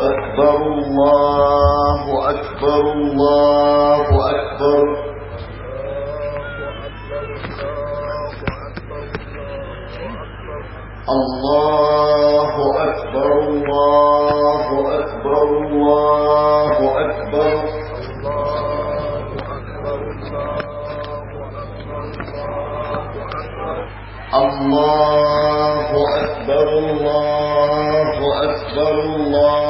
أكبر الله أكبر الله أكبر الله أكبر الله أكبر الله أكبر الله أكبر الله أكبر الله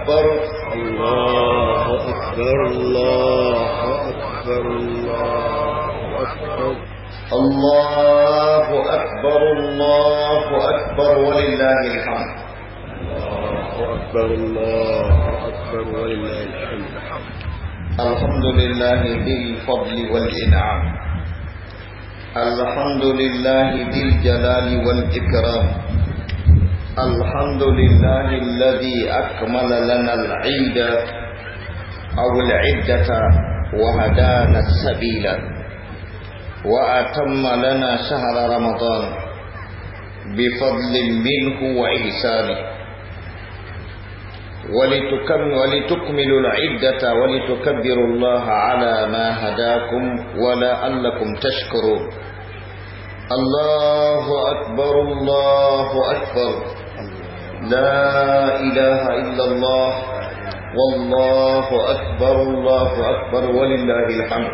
أكبر الله أكبر الله أكبر الله أكبر الله أكبر الله أكبر ولله الحمد الله أكبر الله أكبر ولله الحمد الحمد لله بالفضل والإنعام الحمد لله ذي الجلال والإكرام الحمد لله الذي أكمل لنا العيد أو العدة وهدانا السبيل وأتم لنا شهر رمضان بفضل منه وإحسانه ولتكملوا العدة ولتكبروا الله على ما هداكم ولعلكم تشكرون الله أكبر الله أكبر لا إله إلا الله والله أكبر الله أكبر ولله الحمد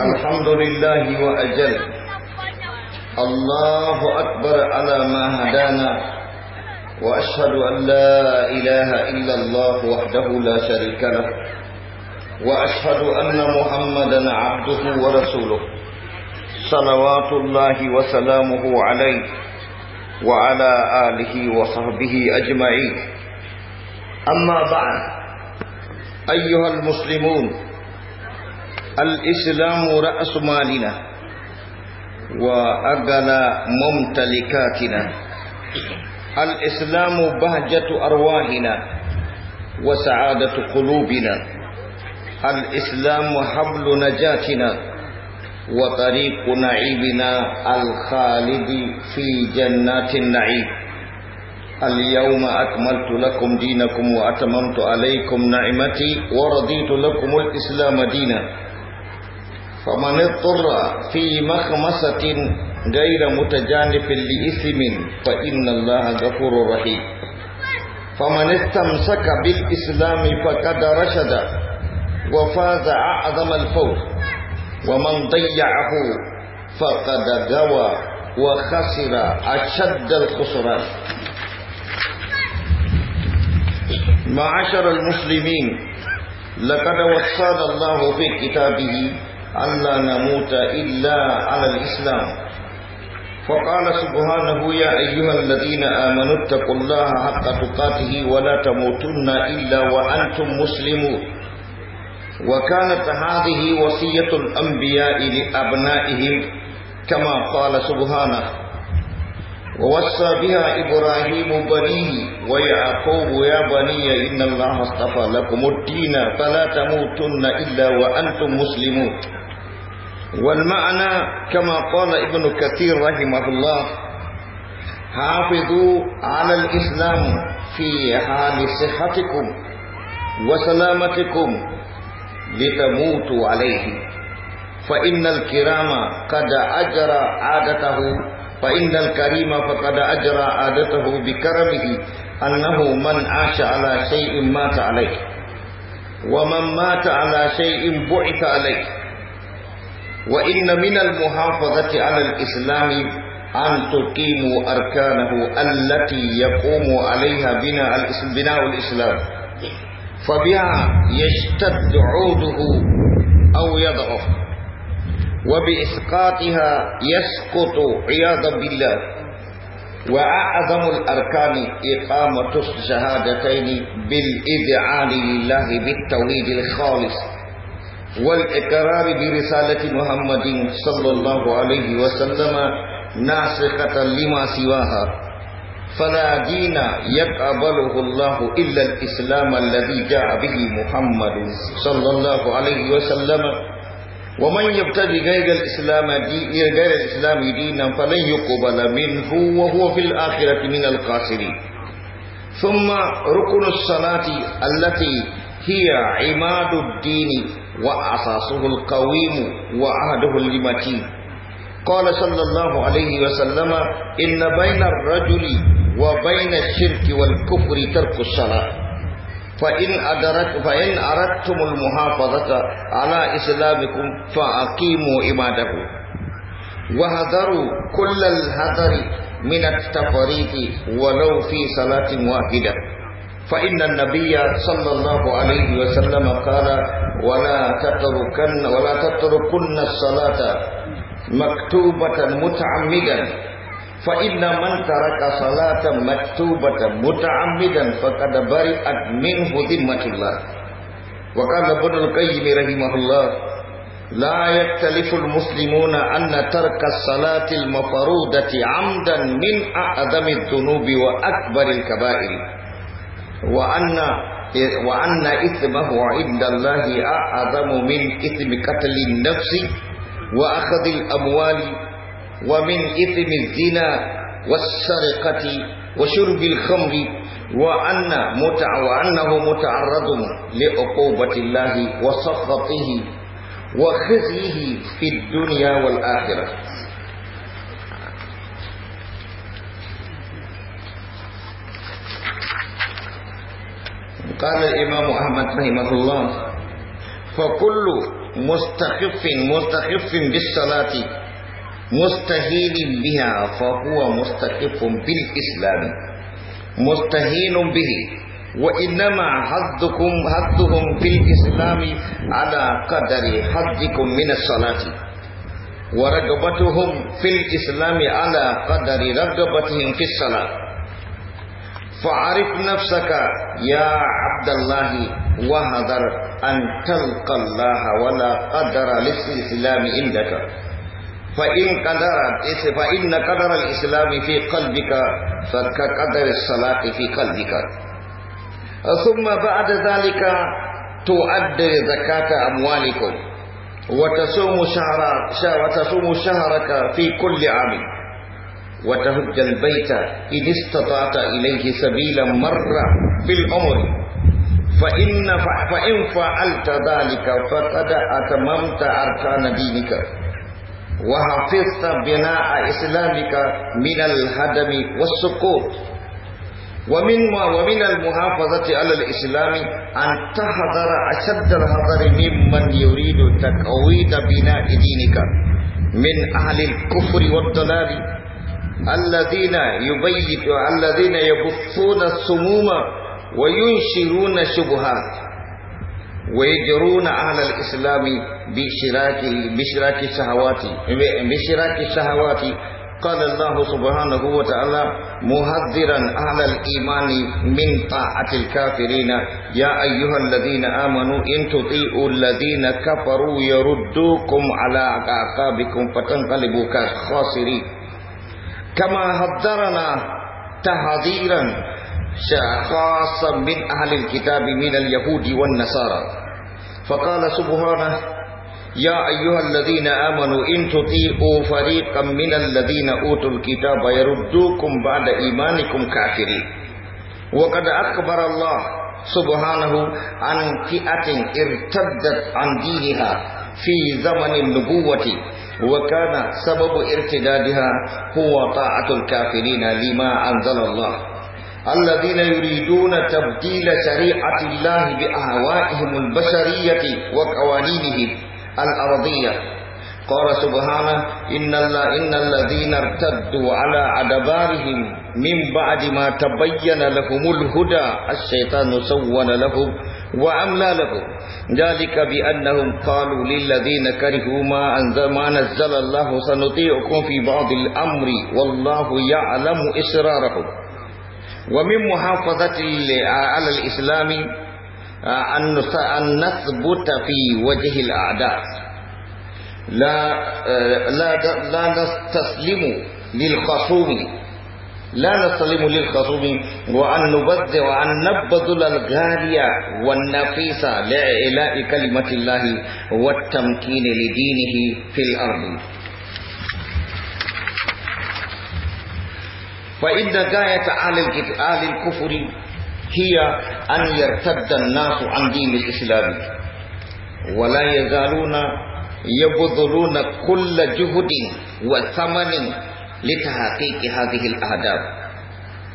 الحمد لله وأجل الله أكبر على ما هدانا وأشهد أن لا إله إلا الله وحده لا شريك له وأشهد أن محمدا عبده ورسوله صلوات الله وسلامه عليه وعلى آله وصحبه أجمعين أما بعد أيها المسلمون الإسلام رأس مالنا وأغلى ممتلكاتنا الإسلام بهجة أرواحنا وسعادة قلوبنا الإسلام حبل نجاتنا وطريق نعيمنا الخالد في جنات النعيم اليوم أكملت لكم دينكم وأتممت عليكم نعمتي ورضيت لكم الإسلام دينا فمن اضطر في مخمسة غير متجانف لإثم فإن الله غفور رحيم فمن استمسك بالإسلام فقد رشد وفاز أعظم الفوز ومن ضيعه فقد غوى وخسر أشد الخسران معاشر المسلمين لقد وصانا الله في كتابه أن لا نموت إلا على الإسلام فقال سبحانه يا أيها الذين آمنوا اتقوا الله حق تقاته ولا تموتن إلا وأنتم مسلمون وكانت هذه وصية الأنبياء لأبنائهم كما قال سبحانه ووصى بها إبراهيم بنيه ويعقوب يا بني إن الله اصطفى لكم الدين فلا تموتن إلا وأنتم مسلمون والمعنى كما قال ابن كثير رحمه الله حافظوا على الإسلام في حال صحتكم وسلامتكم لتموتوا عليه فإن الكرام قد أجرى عادته فإن الكريم فقد أجرى عادته بكرمه أنه من عاش على شيء مات عليه ومن مات على شيء بعث عليه وإن من المحافظة على الإسلام أن تقيموا أركانه التي يقوم عليها بناء الإسلام فبها يشتد عوده أو يضعف وبإسقاطها يسقط عياذا بالله وأعظم الأركان إقامة الشهادتين بالإذعان لله بالتوحيد الخالص والإقرار برسالة محمد صلى الله عليه وسلم ناسخة لما سواها فلا دين يقبله الله إلا الإسلام الذي جاء به محمد صلى الله عليه وسلم ومن يبتغي غير الإسلام غير الإسلام دينا فلن يقبل منه وهو في الآخرة من الخاسرين ثم ركن الصلاة التي هي عماد الدين وأساسه القويم وعهده المتين قال صلى الله عليه وسلم إن بين الرجل وبين الشرك والكفر ترك الصلاة فإن, أدرت فإن أردتم المحافظة على إسلامكم فأقيموا إباده وهذروا كل الهذر من التفريط ولو في صلاة واحدة فإن النبي صلى الله عليه وسلم قال ولا تتركن ولا تتركن الصلاة maktubatan muta'ammidan fa inna man taraka salatan maktubatan muta'ammidan faqad bari'at minhu dhimmatullah wa qala ibn al-qayyim rahimahullah la yaktalifu al-muslimuna anna taraka salati al-mafrudati 'amdan min a'zami adh-dhunubi wa akbar al-kaba'ir wa anna wa anna ithmahu 'inda Allah a'zamu min ithmi qatl an-nafsi وأخذ الأموال ومن إثم الزنا والسرقة وشرب الخمر وأن متع وأنه متعرض لعقوبة الله وسخطه وخزيه في الدنيا والآخرة قال الإمام أحمد رحمه الله فكل mustakhiffin mustakhiffin bis salati mustahilin biha fa huwa mustakhiffun bil islam mustahilun bihi wa innama haddukum hadduhum fil ala qadari haddikum min as-salati wa ragabatuhum fil islami ala qadari ragabatihim fis salat fa'arif nafsaka ya Abdullahi wa hadar an talqa Allah wala qadara lil islam indaka fa in qadara isa fa inna qadara al fi qalbika fa ka qadara salati fi qalbika zakata amwalikum wa tasumu shahra sha wa tasumu shahraka fi kulli am wa tahujjal bayta in istata'ta ilayhi sabila marra fil فإن فإن فعلت ذلك فقد أتممت أركان دينك وحفظت بناء إسلامك من الهدم والسقوط ومن ومن المحافظة على الإسلام أن تحذر أشد الحذر ممن يريد تقويض بناء دينك من أهل الكفر والضلال الذين يبيت الذين يبثون السموم وينشرون الشبهات ويجرون أهل الإسلام بشراك بشراك الشهوات بشراك الشهوات قال الله سبحانه وتعالى مهذرا أهل الإيمان من طاعة الكافرين يا أيها الذين آمنوا إن تطيعوا الذين كفروا يردوكم على أعقابكم فتنقلبوا كخاسرين كما هذرنا تحذيرا syakhasa min ahli kitabi minal yahudi wan nasara faqala subhanahu ya ayyuhalladzina amanu in tuti'u fariqan minal ladzina utul kitaba yaruddukum ba'da imanikum kafiri wa qad akbara allah subhanahu an fi'atin irtaddat an diniha fi zamanin nubuwati wa kana sababu irtidadiha huwa ta'atul kafirina lima anzalallahu الذين يريدون تبديل شريعة الله بأهوائهم البشرية وقوانينه الأرضية قال سبحانه إن, إن الذين ارتدوا على أدبارهم من بعد ما تبين لهم الهدى الشيطان سون لهم وأملى لهم ذلك بأنهم قالوا للذين كرهوا ما أنزل ما نزل الله سنطيعكم في بعض الأمر والله يعلم إسرارهم wa min muhafazati ala al-islami an an nathbuta fi wajhi la e, la la nastaslimu lil wa an nubadda wa an nabdul al-ghariya wan nafisa li ila kalimati llahi wa tamkini li dinihi fil فإن غاية أهل الكفر هي أن يرتد الناس عن دين الإسلام ولا يزالون يبذلون كل جهد وثمن لتحقيق هذه الأهداف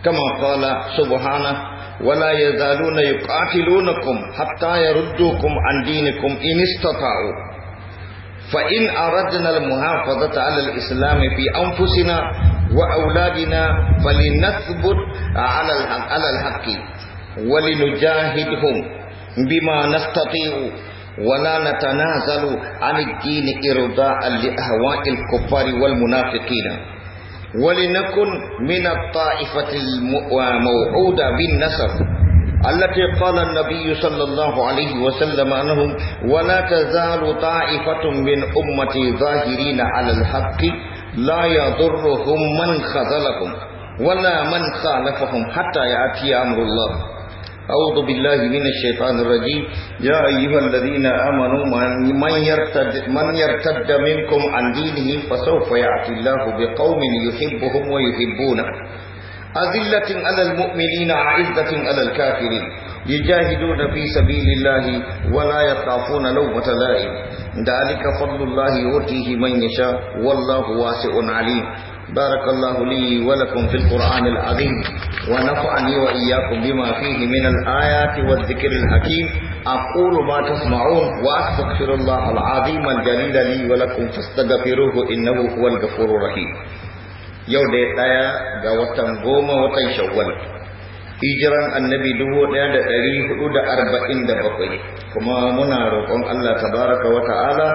كما قال سبحانه ولا يزالون يقاتلونكم حتى يردوكم عن دينكم إن استطاعوا فإن أردنا المحافظة على الإسلام في أنفسنا وأولادنا فلنثبت على على الحق ولنجاهدهم بما نستطيع ولا نتنازل عن الدين إرضاء لأهواء الكفار والمنافقين ولنكن من الطائفة الموعودة بالنصر التي قال النبي صلى الله عليه وسلم عنهم ولا تزال طائفة من أمتي ظاهرين على الحق la yadurruhum man khazalahum wala man khalafahum hatta ya'ti amrullah أعوذ بالله من الشيطان الرجيم يا أيها الذين آمنوا من يرتد, من يرتد منكم عن دينه فسوف يأتي الله بقوم يحبهم ويحبونه أذلة على المؤمنين أعزة على الكافرين يجاهدون في سبيل الله ولا يخافون لومة لائم ذلك فضل الله يؤتيه من يشاء والله واسع عليم بارك الله لي ولكم في القرآن العظيم ونفعني وإياكم بما فيه من الآيات والذكر الحكيم أقول ما تسمعون وأستغفر الله العظيم الجليل لي ولكم فاستغفروه إنه هو الغفور الرحيم يوم دي دايا غوتن غوما وتن شوال hijiran annabi dubu daya da da da dari hudu arba'in bakwai, kuma muna roƙon Allah tabaraka wa ta'ala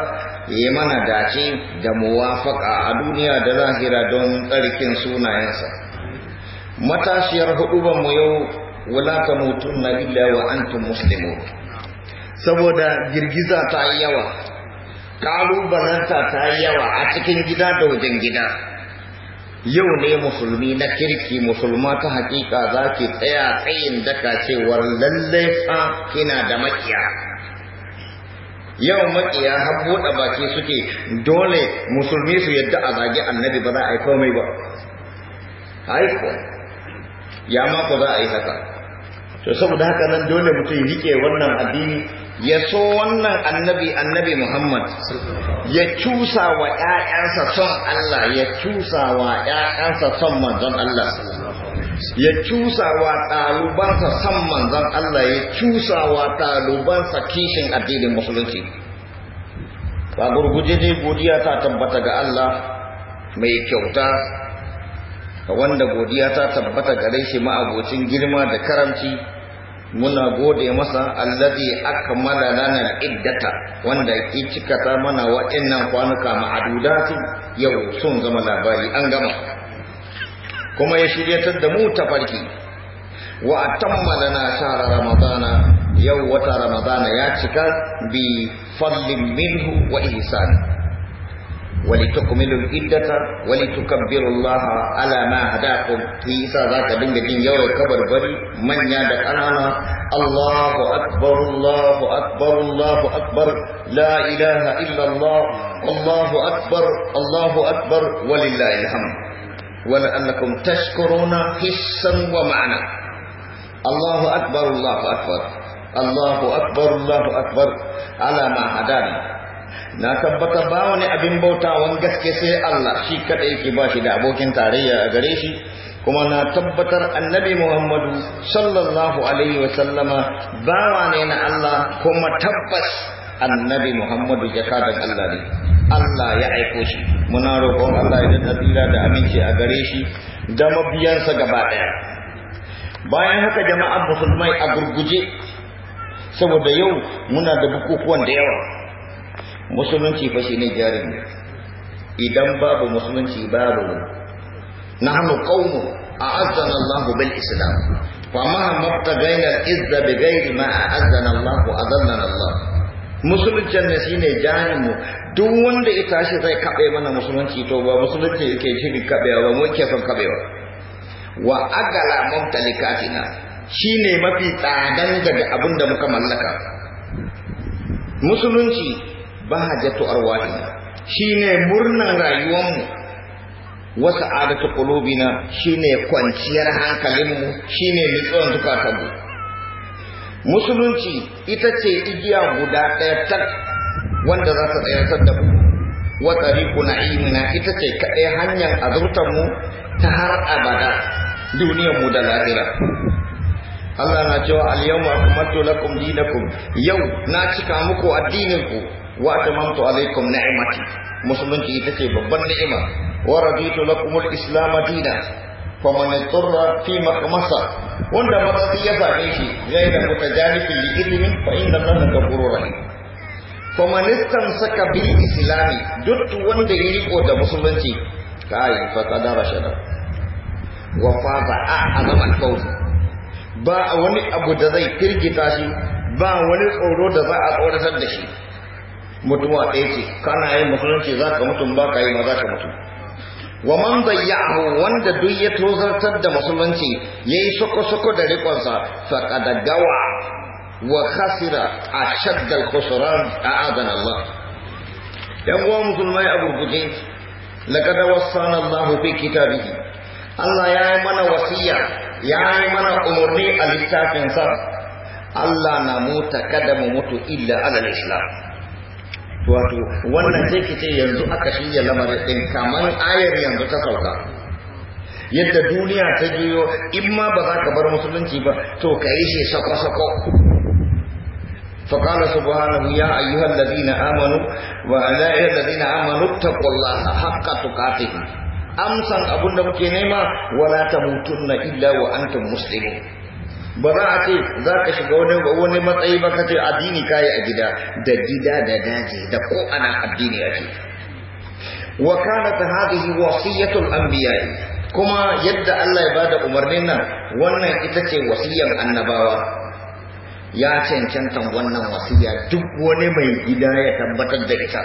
ya mana dace da muwafaka a duniya da lahira don tsarkin sunayensa matashiyar ba mu yau wulata na illa wa antum muslimun saboda girgiza ta yi yawa kalubalanta ta yi yawa a cikin gida da wajen gida yau ne musulmi na kirki musulma ta hakika za ki tsaya tsayin daka cewar lallai fa kina da makiya yau makiya har buɗe baki suke dole musulmi su yadda a zagi annabi ba za a yi komai ba aiko ya mako za a yi haka to saboda haka nan dole mutum rike wannan addini ya so wannan annabi annabi Muhammad ya cusa wa ‘ya'yansa son Allah ya cusa wa ƴaƴansa son manzon Allah ya cusa wa ɗalubansa son manzon Allah ya cusa wa ɗalubansa kishin addinin musulunci ba gurguje ne godiya ta tabbata ga Allah mai kyauta wanda godiya ta tabbata gare shi ma'abocin girma da karamci muna gode masa allazi akmala lana iddata wanda yake cikata mana waɗannan kwanuka ma'adudati yau sun zama labari an gama kuma ya shiryatar da mu tafarki wa atamma lana shahra ramadana yau wata ramadana ya cika bi fadlin minhu wa ihsani ولتكملوا العدة ولتكبروا الله على ما هداكم في ذاك دنجا جين يوم كبر بري من يادك أنا الله أكبر الله أكبر الله أكبر لا إله إلا الله الله أكبر الله أكبر ولله الحمد ولأنكم تشكرون حسا ومعنى الله أكبر الله أكبر الله أكبر الله أكبر على ما هدانا na tabbata ba wani abin bautawan gaske sai Allah shi kada yake ba shi da abokin tarayya a gare shi kuma na tabbatar annabi Muhammadu sallallahu alaihi wa sallama bawa ne na Allah kuma tabbas annabi Muhammadu jakadan Allah ne Allah ya aiko shi muna roƙon Allah ya tsira da aminci a gare shi da mabiyansa gaba ɗaya bayan haka jama'ar musulmai a gurguje saboda yau muna da bukukuwan da yawa musulunci fa shine jarin idan babu musulunci babu nahnu qaumun a'azzana Allahu bil islam fa ma mabtagaina izza bi ghairi ma a'azzana Allahu adallana Allah musulunci ne shine jarin mu duk wanda ya tashi zai kabe mana musulunci to ba musulunci yake shiri kabewa ba mu ke son kabewa wa agala mumtalikatina shine mafi tsadan daga abin da muka mallaka musulunci bahajatu arwahi shine murnan mu. wa sa'adatu qulubina shine kwanciyar hankalinmu shine nutsuwar zukatanmu musulunci ita ce igiya guda ɗaya tak wanda za ta tsayar da mu wa tariqu na'imina ita ce kaɗai hanyar azurtar mu ta har abada duniyar mu da lahira Allah na cewa al-yawma akmaltu lakum dinakum yau na cika muku addinin ku wa atamamtu alaikum ni'mati musulunci ita ce babban ni'ima wa raditu lakum al-islam dina man yadurra fi maqmasa wanda sai ya zabe shi zai da jani li ilmin fa inna allaha ghafurur rahim faman istamsaka bil islam duk wanda ya ko da musulunci kai fa kadara shada wa faza a azaman fawzi ba wani abu da zai firgita shi ba wani tsoro da za a tsoratar da shi mutuwa ɗaya ce kana yin musulunci za ka mutum ba ka yi ma za ka mutum wa man wanda duk ya tozartar da musulunci ya soko-soko da rikonsa da gawa wa khasira shaddal al a adana Allah yan uwa musulmai a gurguje laqad wassana Allah fi kitabihi Allah ya yi mana wasiya ya yi mana umarni a littafinsa Allah na mota kada mu mutu illa alal islam wato wannan zai fice yanzu aka shirya lamarin din kamar ayar yanzu ta sauka yadda duniya ta jiyo in ma ba za ka bar musulunci ba to ka yi shi sako-sako فقال سبحانه يا أيها الذين آمنوا وعلى الذين آمنوا اتقوا الله حق تقاته amsan abun da muke nema wala tamutunna illa wa antum muslimun ba za a ce za ka shiga wani wani matsayi ba ka ce addini kayi a gida da gida da daji da ko ana addini ce wa ta hadihi wasiyatul anbiya kuma yadda Allah ya bada umarnin nan wannan ita ce wasiyar annabawa ya cancantan wannan wasiya duk wani mai gida ya tabbatar da ita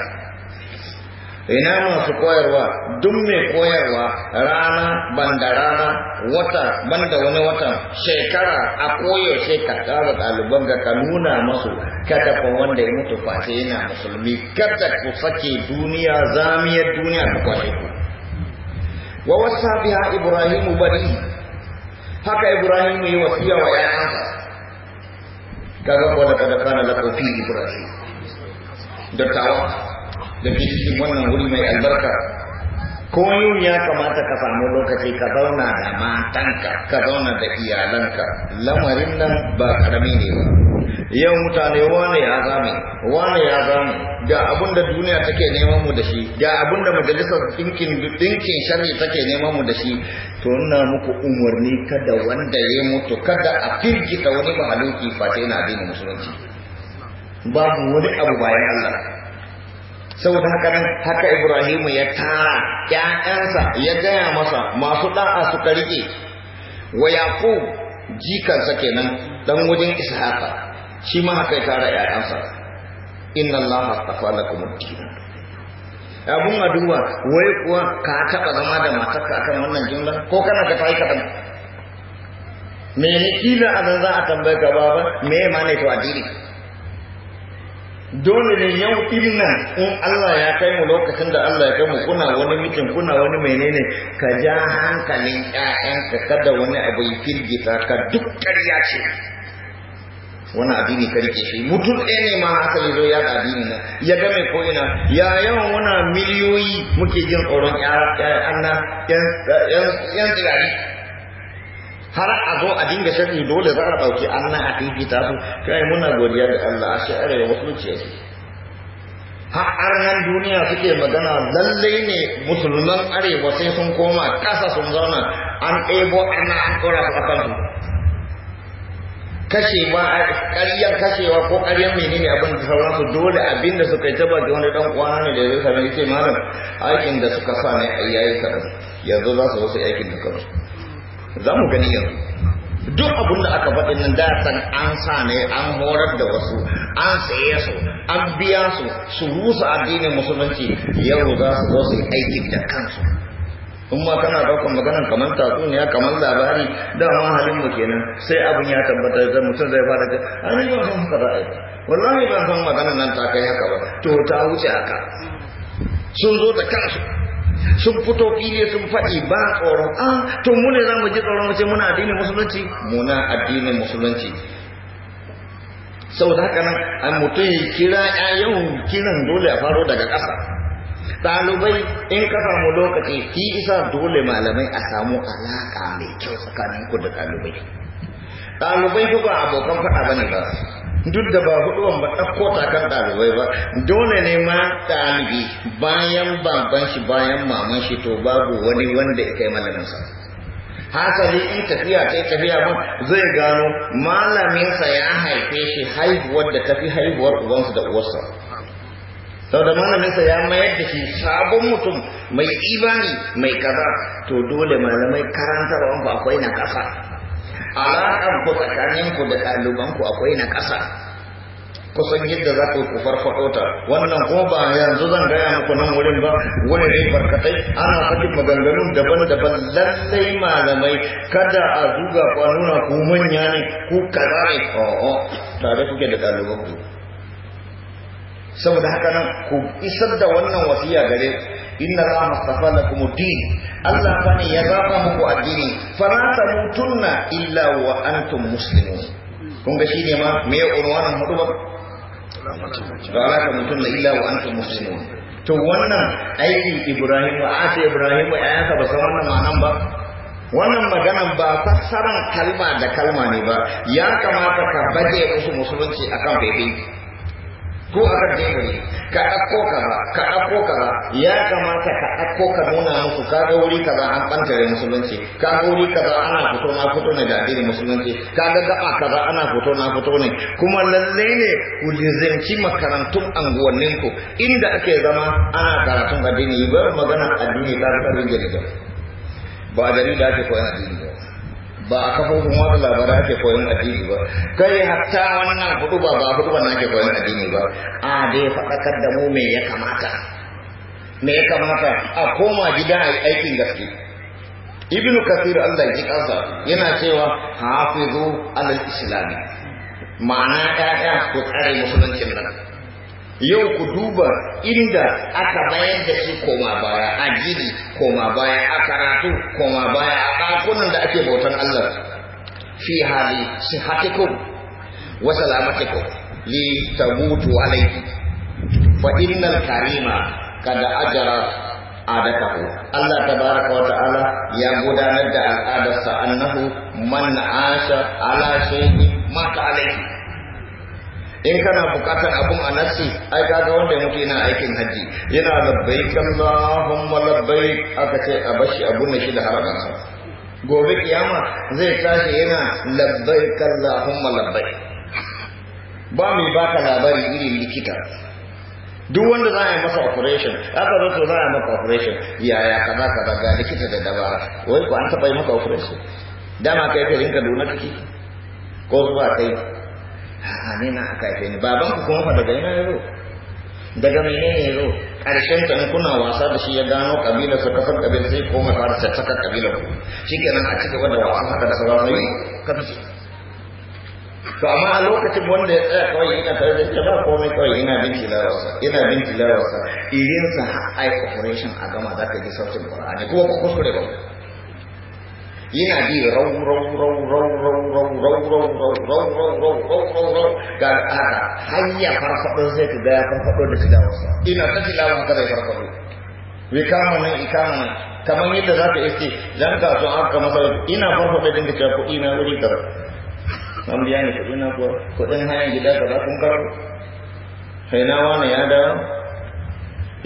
ina masu koyarwa duk mai koyarwa rana banda rana wata banda wani wata shekara a koyaushe ka tsara ɗaliban ga ka nuna masu katafin wanda ya mutu face yana musulmi kada ku sake duniya zamiyar duniya ta kwashe ku wa wasa biha ibrahimu bari haka ibrahimu yi wasiya wa ƴaƴansa kaga ko da kada kana lakofi ibrahim da tawa da cikin wannan wuri mai albarka ko yau ya kamata ka samu lokaci ka zauna da matanka ka zauna da iyalanka lamarin nan ba karami ne ba yau mutane wane ya zame wane ya zame ga abin da duniya take neman mu da shi ga abin da majalisar dinkin dinkin shari take neman mu da shi to ina muku umarni kada wanda ya mutu kada a firgita wani mahaluki fata yana addinin musulunci babu wani abu bayan Allah saboda haka nan haka Ibrahimu ya tara ƴaƴansa ya gaya masa masu da'a suka rike wa Yaqub jikansa kenan dan wajen Ishaqa shi ma haka ya tara ƴaƴansa inna Allaha astafa lakum ad-din abun aduwa wai kuwa ka taɓa zama da matarka akan wannan jumla ko kana ka tayi kaɗan me ne kila a za a tambaye ka baba me ma ne to addini dole ne yau irin nan in Allah ya kai mu lokacin da Allah ya kai mu kuna wani mutum kuna wani menene ka ja hankalin ƴaƴanka kada wani abu ya firgita ka duk ƙarya ce wani addini ka rike shi mutum ɗaya ne ma haka zo ya da addini na ya ga mai ko'ina ya yawan muna miliyoyi muke jin tsoron ƴan tsirari har a zo a dinga sharhi dole za a ɗauki an na a fita su kai muna godiya da Allah a shi arewa musulunci yake har arnan duniya suke magana lallai ne musulman arewa sai sun koma ƙasa sun zauna an ɗebo ana an ɗora su a ba kashewa ƙaryar kashewa ko ƙaryar nini abin da su dole abin da suka yi ta baki wani ɗan kwana ne da zai sami yake malam aikin da suka sa ne a yayi kaɗan yanzu za su wasu aikin da kaɗan. za mu gani yau. duk abin da aka faɗi nan datan an sa ne an horar da wasu an saye su an biya su su rusa addinin musulunci yau za su zo su yi aiki da kansu in ma kana daukan maganar kamar tatsuniya kamar labari dama halin mu kenan sai abin ya tabbata da mutum zai fara ga an yi wasu wallahi ban san maganar nan ta kai haka ba to ta wuce haka sun zo da kansu sun fito fili sun faɗi ba tsoron a ah, tun mune za mu ji tsoron wace muna addinin musulunci muna addinin musulunci saboda haka nan an mutum ya kira yawan kiran dole a faro daga ƙasa ɗalibai in ka samu lokaci fi isa dole malamai a samu alaƙa mai kyau tsakanin ku da ɗalibai ɗalibai kuka ba abokan faɗa bane ba duk da ba huduwan ba ɗauko kan ɗalibai ba dole ne ma ɗalibi bayan baban shi bayan maman shi to babu wani wanda ya kai malaminsa hasali in tafiya ta tafiya ba zai gano malaminsa ya haife shi haihuwar da tafi haihuwar uwansa da uwarsa sau da malaminsa ya mayar da shi sabon mutum mai imani mai kaza to dole malamai karantarwa ba akwai na kasa alaƙar ku tsakaninku da ɗalibanku akwai na ƙasa kusan yadda za ku farfaɗo ta wannan ko ba yanzu zan gaya muku nan wurin ba wani ne barkatai ana sakin maganganun daban-daban lallai malamai kada a zuga kwanuna ku manya ne ku kaza ne tare kuke da ɗalibanku saboda haka nan ku isar da wannan wasiya gare inna allaha mustafa lakum ad-din Allah fa ne ya zaba muku addini fala tamutunna illa wa antum muslimun kun ga shine ma me unwanin hudu ba fala tamutunna illa wa antum muslimun to wannan aikin Ibrahim wa ata Ibrahim wa yasa ba san wannan ma'anan ba wannan maganan ba fassaran kalma da kalma ne ba ya kamata ka baje musu musulunci akan bebe ko a kan ka ɗauko kaza ka ɗauko kaza ya kamata ka ɗauko ka nuna musu ka ga wuri kaza an ɓantare musulunci ka ga wuri kaza ana fito na fito ne da addinin musulunci ka ga gaba kaza ana fito na fito ne kuma lalle ne ku lizinci makarantun anguwannin ku inda ake zama ana karatun addini ba magana addini ta fi ƙarfin gari ba dalili da ake koyan addini ba ba a kafofin wata labarai ake koyon addini ba kai hatta wannan hudu ba ba hudu ba ake koyon addini ba a dai faɗakar da mu me ya kamata me ya kamata a koma gida a aikin gaske ibn kasir Allah ya ji yana cewa hafizu alal islami ma'ana ya'ya ko tsare musulunci nan yau ku duba inda aka bayar da su koma baya a gini koma baya a karatu koma baya a ɗakunan da ake bautan Allah fi hali hatiku wa salamatikum li tabutu alaiki. fa innal karima kada ajara adatahu Allah tabaraka wa ta'ala ya gudanar da al'adarsa annahu man asha ala shay'in mata alaiki. in kana bukatar abun a nasi ai kaga wanda ya mutu yana aikin hajji yana labbaik Allahumma labbaik aka ce a bashi abun shi da sa gobe kiyama zai tashi yana labbaik Allahumma labbaik ba mai baka labari irin likita duk wanda za a yi masa operation aka zo to za a yi masa operation yaya za ka daga likita da dabara wai ko an taba yi maka operation dama kai ka rinka dona kake ko ba kai ne na aka haife ni baban ku kuma fa daga ina yaro daga menene ya karshen ta kuna wasa da shi ya gano kabila sa kafar kabila sai koma fara ta kabila ku shikenan a cikin wanda wa haka da sauran sai ka to amma a lokacin wanda ya tsaya kawai ina tare da shi ba komai kawai ina bin tilawarsa ina bin tilawarsa irin sa har ai operation a gama zaka ji sautin qur'ani kuma ku kuskure ba yana bi rau rau rau rau rau rau rau rau rau rau rau rau rau rau rau ga al'ada hanya farfaɗo sai ka ga ya farfaɗo da tilawarsa ina ta tilawa haka zai farfaɗo bai kama nan ikama nan kamar yadda za ka iske zan kasu an ka masa ina farfaɗo dinga cewa kuɗi na wuri ka an biya ni kuɗi na kuwa kuɗin hanyar gida ka za kun karo sai na wani ya dawo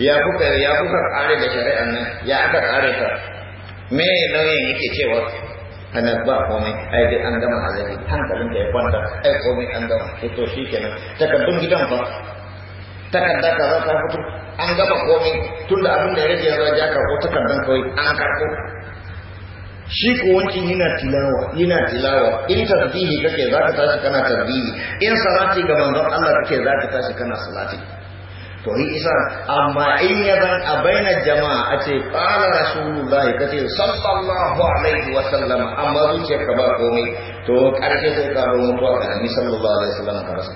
ya kuka ya kuka ƙare da shari'an nan ya aka ƙare ta me nauyin yake cewa ana ba komai ai dai an gama alaji hankalin da ya kwanta ai komai an gama sai to shi kenan takardun gidan fa takarda ka za ta fito an gama komai da abin da ya rage yanzu ya karɓo takardan kawai an karɓo shi ko wanki yana tilawa yana tilawa in tasbihi kake zaka tashi kana tasbihi in salati ga manzon Allah kake zaka tashi kana salati to yi isa amma in ya zan a bainar jama'a a ce ƙara rasulullahi ka ce sallallahu alaihi wa sallam amma zuciyar ka ba komai to ƙarshe sai ka zo mutuwa ka nemi sallallahu alaihi wa sallam ka rasa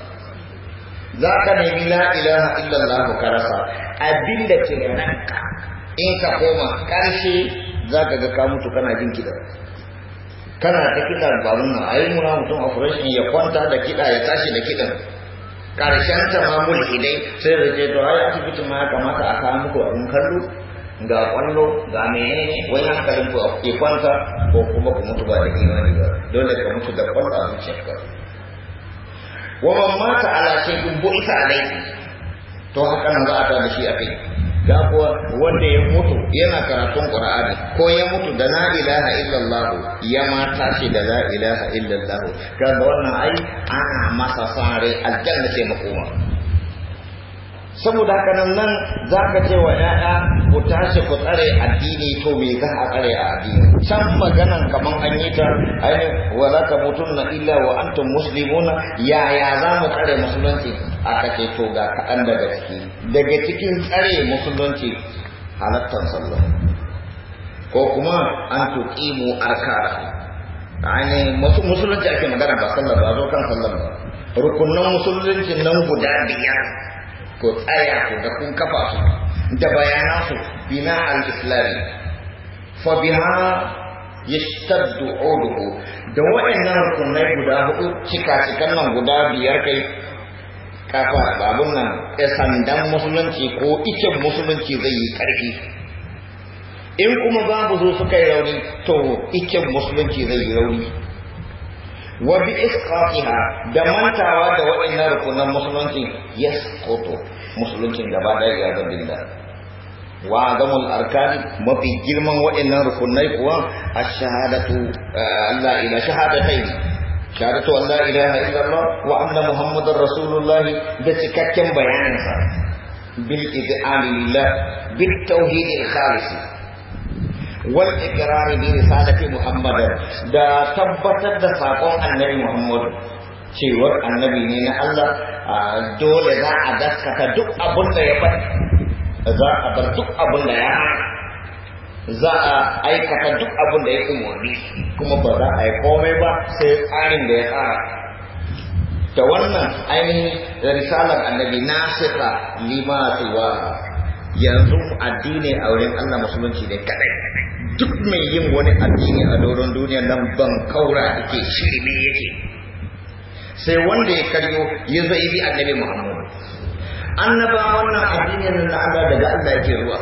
za ka nemi la ilaha illallah ka rasa abinda ke ka. in ka koma ƙarshe za ka ga ka mutu kana jin kiɗa kana ta kiɗa ba nuna a muna mutum a fureshin ya kwanta da kiɗa ya tashi da kiɗa. karshen ta ma mulhidai sai da je to ai asibiti ma kamata a kawo muku abin kallo ga kwallo ga menene wani hankalin ku ke kwanta ko kuma ku mutu ba da imani ba dole ka mutu da kwallo a ka wa man mata ala shay'in bu'ita alayhi to haka nan za a ta da shi a kai da wanda ya mutu yana karatun qur'ani ko ya mutu da la ilaha illallah ya ma tashi da la ilaha illallah kaga wannan ai ana masa sare aljanna ce makoma saboda kanan nan za ka ce wa ‘ya'ya ku tashi ku tsare addini to me za a tsare a addini can maganan kamar an yi ta ai wa za ka mutum na illa wa antum muslimuna yaya za mu tsare musulunci a kace to ga kaɗan daga ciki daga cikin tsare musulunci halattar sallah ko kuma an tuƙimu arkara ainihin musulunci ake magana ba sallah ba zo kan sallah ba musulunci nan guda biyar ko tsaya ku da kun kafa su da bayanan su bina al-islami fa biha yashtaddu uduhu da wa'annan rukunai guda hudu cika cikan nan guda biyar kai kafa babun nan sandan musulunci ko ikin musulunci zai yi karfi in kuma babu zo suka yi rauni to ikin musulunci zai yi rauni wa bi isqatiha da mantawa da waɗannan rukunan musulunci yasqutu musulunci gaba daya ya ga billah wa adamul arkan mafi girman waɗannan rukunai kuwa ash-shahadatu eh, Allah ila shahadatayn shahadatu alla ila ilaha illallah wa anna muhammadar rasulullah da cikakken sa bil izami lillah bit tauhidil khalis wal ikirari bi risalati muhammad da tabbatar da sakon annabi muhammad cewar annabi ne na Allah dole za a ta duk abin da ya bar za a bar duk abin da ya za a aikata duk abin da ya umarni kuma ba za a yi komai ba sai tsarin da ya tsara da wannan ainihin risalar annabi na lima tiwa yanzu addini a wurin Allah musulunci ne kadai duk mai yin wani addini a doron duniya nan ban kaura yake shirme yake sai wanda ya karyo ya bi annabi muhammadu annaba wannan addinin nan da daga Allah yake zuwa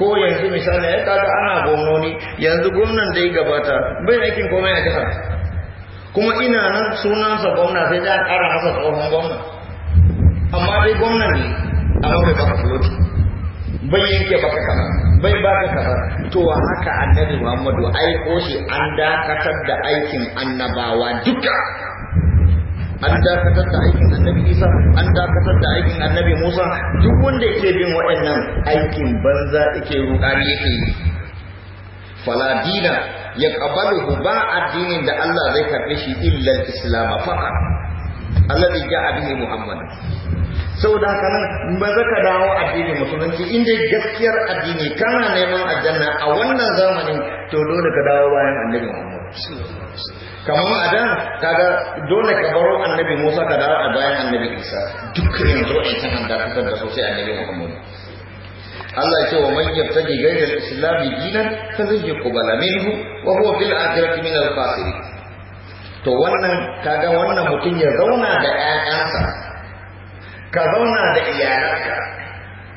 ko yanzu misali ya kaga ana gwamnoni yanzu gwamnan da ya gabata bai aikin komai a jihar kuma ina nan sunansa gwamna sai da kara masa tsohon gwamna amma dai gwamna ne a bai baka floti bai yanke baka kama bai ba ka kaza to haka annabi Muhammadu aiko shi an dakatar da aikin annabawa duka an dakatar da aikin annabi Isa an dakatar da aikin annabi Musa duk wanda yake bin waɗannan aikin banza yake ne yake yi fala dina ya qabalu ba addinin da Allah zai karbe shi illa al faqa Allah ya ja'a abin Muhammad saboda haka nan ba za ka dawo addini musulunci inda gaskiyar addini kana neman aljanna a wannan zamanin to dole ka dawo bayan annabi Muhammad kamar a da kaga dole ka baro annabi Musa ka dawo a bayan annabi Isa duk yanzu wa'ancan an dakatar da sosai annabi Muhammad Allah ya ce wa man yabtaji ghayra al-islam dinan fa zai yuqbala minhu wa huwa fil akhirati min al-khasirin to wannan kaga wannan mutum ya zauna da ƴaƴansa ka zauna da iyalanka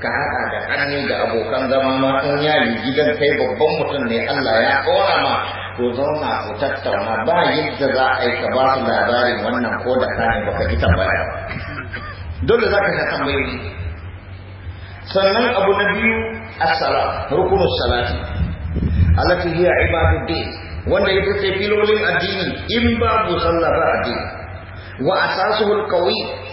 ka haɗa da ƙarni da abokan zama ma in gidan kai babban mutum ne Allah ya ƙora ma ku zauna ku tattauna ba yadda za a yi ka ba su labarin wannan ko da ne baka ji tambaya ba dole za ka sha sannan abu na biyu assalam rukunin salati allati hiya ibaduddin wanda ita ce filolin addini in babu sallah ba addini wa asasuhul qawi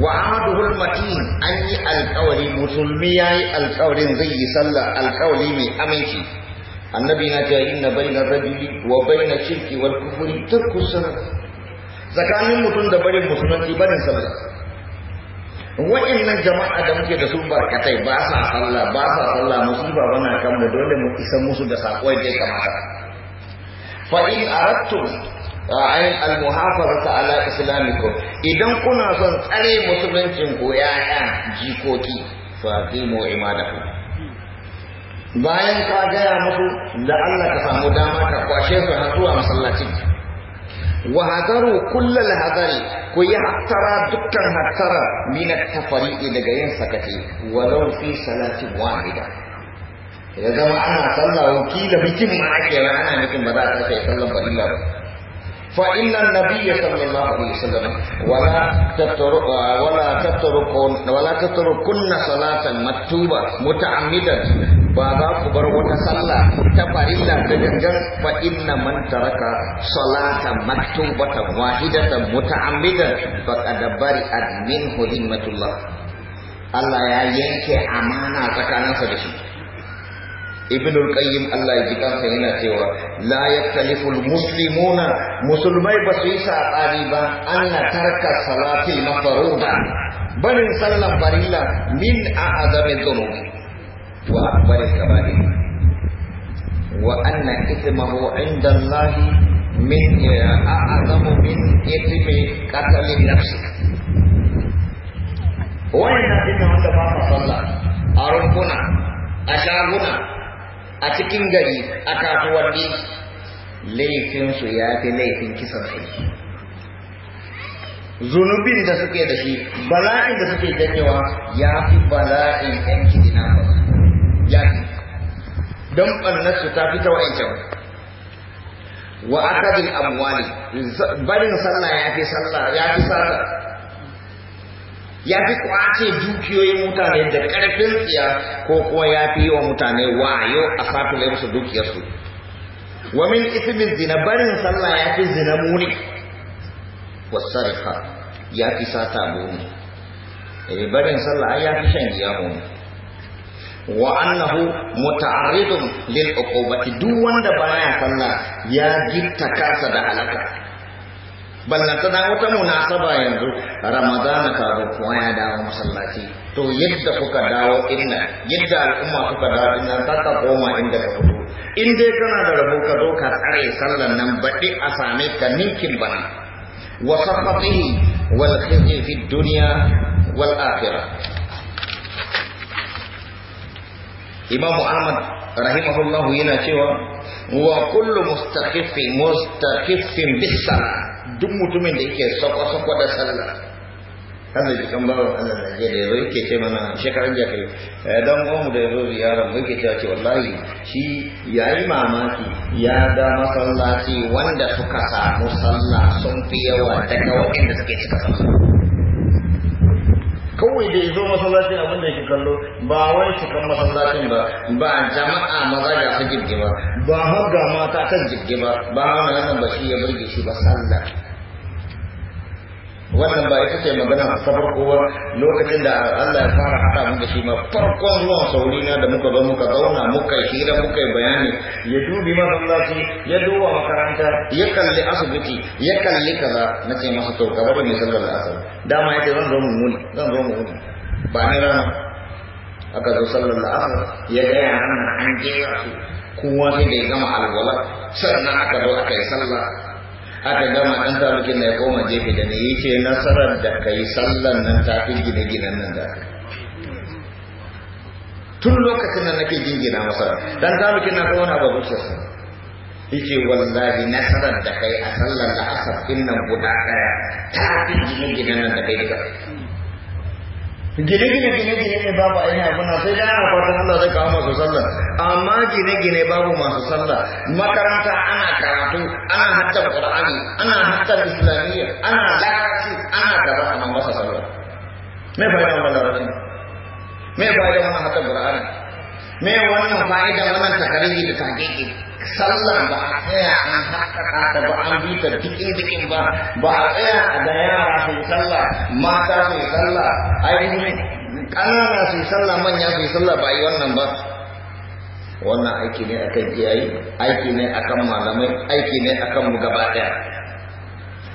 wa ahaduhul matin an yi alkawari musulmi ya yi alƙawarin zai yi sallah alƙawari mai aminci annabi na ce inna bainar rajuli wa bainar shirki wal kufuri turku sirr tsakanin mutum da barin musulunci barin sallah wa'annan jama'a da muke da su barkatai ba sa sallah ba sa sallah musiba bana kan mu dole mu isa musu da sako da kamata fa in aradtum ayin almuhafazata ala islamiko idan kuna son tsare musuluncin ku yaya jikoki fa qimu bayan ka gaya musu da Allah ka samu dama ka kwashe su har zuwa masallacin wa hadaru kullal hadari ku yi hattara dukkan hattara min tafari daga yin sakati walau fi salati wahida ya zama ana sallah wakila da ma ake ana mutum ba za a tashi sallan ba fa inna nabiyya sallallahu alaihi wasallam wala wala tatru kun salatan maktuba muta'ammidan ba za ku bar wata sallah, ta farilla da dangar fa inna man taraka salatan matubata maktuba ta wahidatan muta'ammidan fa kadabari ad minhu himmatullah Allah ya yanke amana tsakanin sa da shi ابن القيم الله يجيكم سينا تيوا لا يختلف المسلمون مسلمي بسيسا قريبا أن ترك صلاة المفروضة بل صلى بريلا من أعظم الذنوب وأكبر الكبائر وأن إثمه عند الله من أعظم من إثم قتل النفس وإن إثم الله أرقنا أشاغنا a cikin gari a kasuwanni laifinsu ya fi laifin kisan kai zunubin da suke da shi bala'in da suke janyewa ya fi bala'in yan kidina ya fi don ɓannarsu ta fi ta wa'ancan wa akadin amwali barin sallah ya fi sallah ya fi sallah ya fi kwace dukiyoyin mutane da ƙarfin tsiya ko kuwa ya fi yi wa mutane wayo a fatule musu dukiyarsu wa min ismin zina barin sallah ya fi zina muni sarfa ya fi sata muni eh barin sallah ya fi shan giya muni wa annahu muta'arridun lil uqubati duk wanda baya sallah ya gitta kansa da halaka ballantana wata munasaba yanzu ramadana kafin kuma ya dawo masallaci to yadda kuka dawo inna yadda al'umma kuka dawo inna za ka koma inda ka fito in dai kana da rabo ka zo ka tsare sallan nan baɗi a same ka ninkin bana wa sakatihi wal khizi fi dunya wal akhirah imam ahmad rahimahullahu yana cewa wa kullu mustaqiffin mustaqiffin bis salah duk mutumin da yake sako-sako da sallah da jikin bawa hannun da yanzu yake ce mana shekarun jaka eh, don gomu da yanzu ziyarar mu yake cewa ce wallahi shi ya yi mamaki ya ga masallaci wanda suka samu sallah sun fi yawa daga waɗanda suke cika sallah kawai da ya zo masallacin abin da yake kallo ba wai cikin masallacin ba ba jama'a maza da su jirgi ba ba har ga mata kan jirgi ba ba wani nan ba shi ya burge shi ba sallah wannan ba ita ce magana a farko kowa lokacin da Allah ya fara haɗa mu da shi ma farkon sauri na da muka ga muka zauna muka yi hira muka yi bayani ya dubi masallaci ya duba makaranta ya kalli asibiti ya kalli kaza na ce masa to gaba da misalar da asali dama yake zan zo mu muni zan zo mu muni ba ni rana aka zo sallar da asali ya gaya nan an je su kowa sai da ya gama alwala sannan aka zo aka yi sallah aka gama ɗan tarukin na ya koma jefe da ne yake nasarar da ka yi sallan nan ta fi gine-ginen nan da tun lokacin da nake jingina masa dan tarukin na kawo na ba zuciyarsa yake wallahi nasarar da kai a sallar da asar ɗin nan guda ɗaya ta fi gine-ginen nan da kai gine-gine gine-gine ne babu ainihin abuna sai dai ana fatan Allah zai kawo masu sallah amma gine-gine babu masu sallah makaranta ana karatu ana hatta qur'ani ana hatta islamiyya ana larabci ana gaba ana masa sallah me fa'idan wannan larabci me fa'idan wannan hatta qur'ani me wannan fa'idan wannan takariri da tahqiqi sallah ba a tsaya an haƙaƙa da ba an bi ta dukin ba ba a tsaya da yara su salla. mata su sallah ainihin ƙanana su sallah manya su salla ba yi wannan ba wannan aiki ne akan iyaye aiki ne akan malamai aiki ne akan mu gaba ɗaya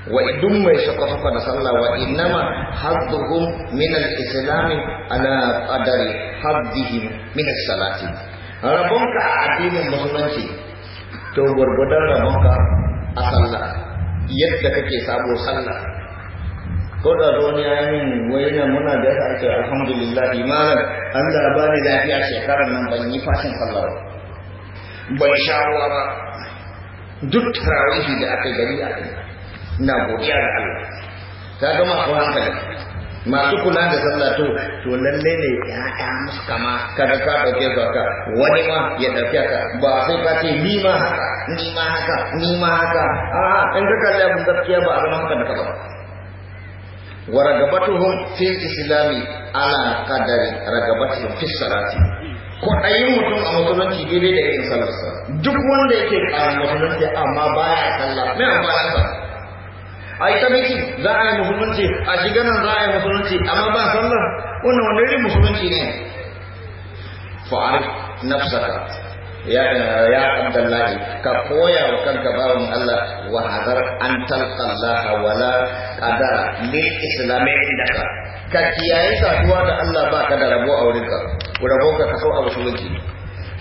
wa duk mai shakwa da sallah wa innama hadduhum min al-islam ala qadari haddihim min as-salati rabonka a addinin musulunci to da rabonka a sallah yadda kake sabo sallah ko da zo ya yi wai muna da alhamdulillahi. ce alhamdulillah an da ba ni lafiya shekarar nan ban yi fashin sallah ba ban sha ruwa ba duk tarawihi da aka gari a na godiya da Allah ta gama kawai hankali masu kula da sallah to to lalle ne ya ya musu kama kada ka dauke su haka wani ma ya dauke ka ba sai ka ce ni ma haka ni ma haka ni ma haka a in ka kalli abin gaskiya ba a zama haka da ka ba wa ragabatuhum fil islami ala qadari ragabatuhum fis salati ko ayi mutum a musulunci daidai da yin salat duk wanda yake karin musulunci amma baya sallah me amfanin sa ai ta miki za a yi musulunci a shiga nan za a yi musulunci amma ba sallah wannan wanda irin musulunci ne fa'arif nafsaka ya ya abdullahi ka koya wa kanka bawon Allah wa hadar an talqa Allah wala qadara lil islami indaka ka kiyaye saduwa da Allah ba ka da rabo a ka, rabo ka kaso a musulunci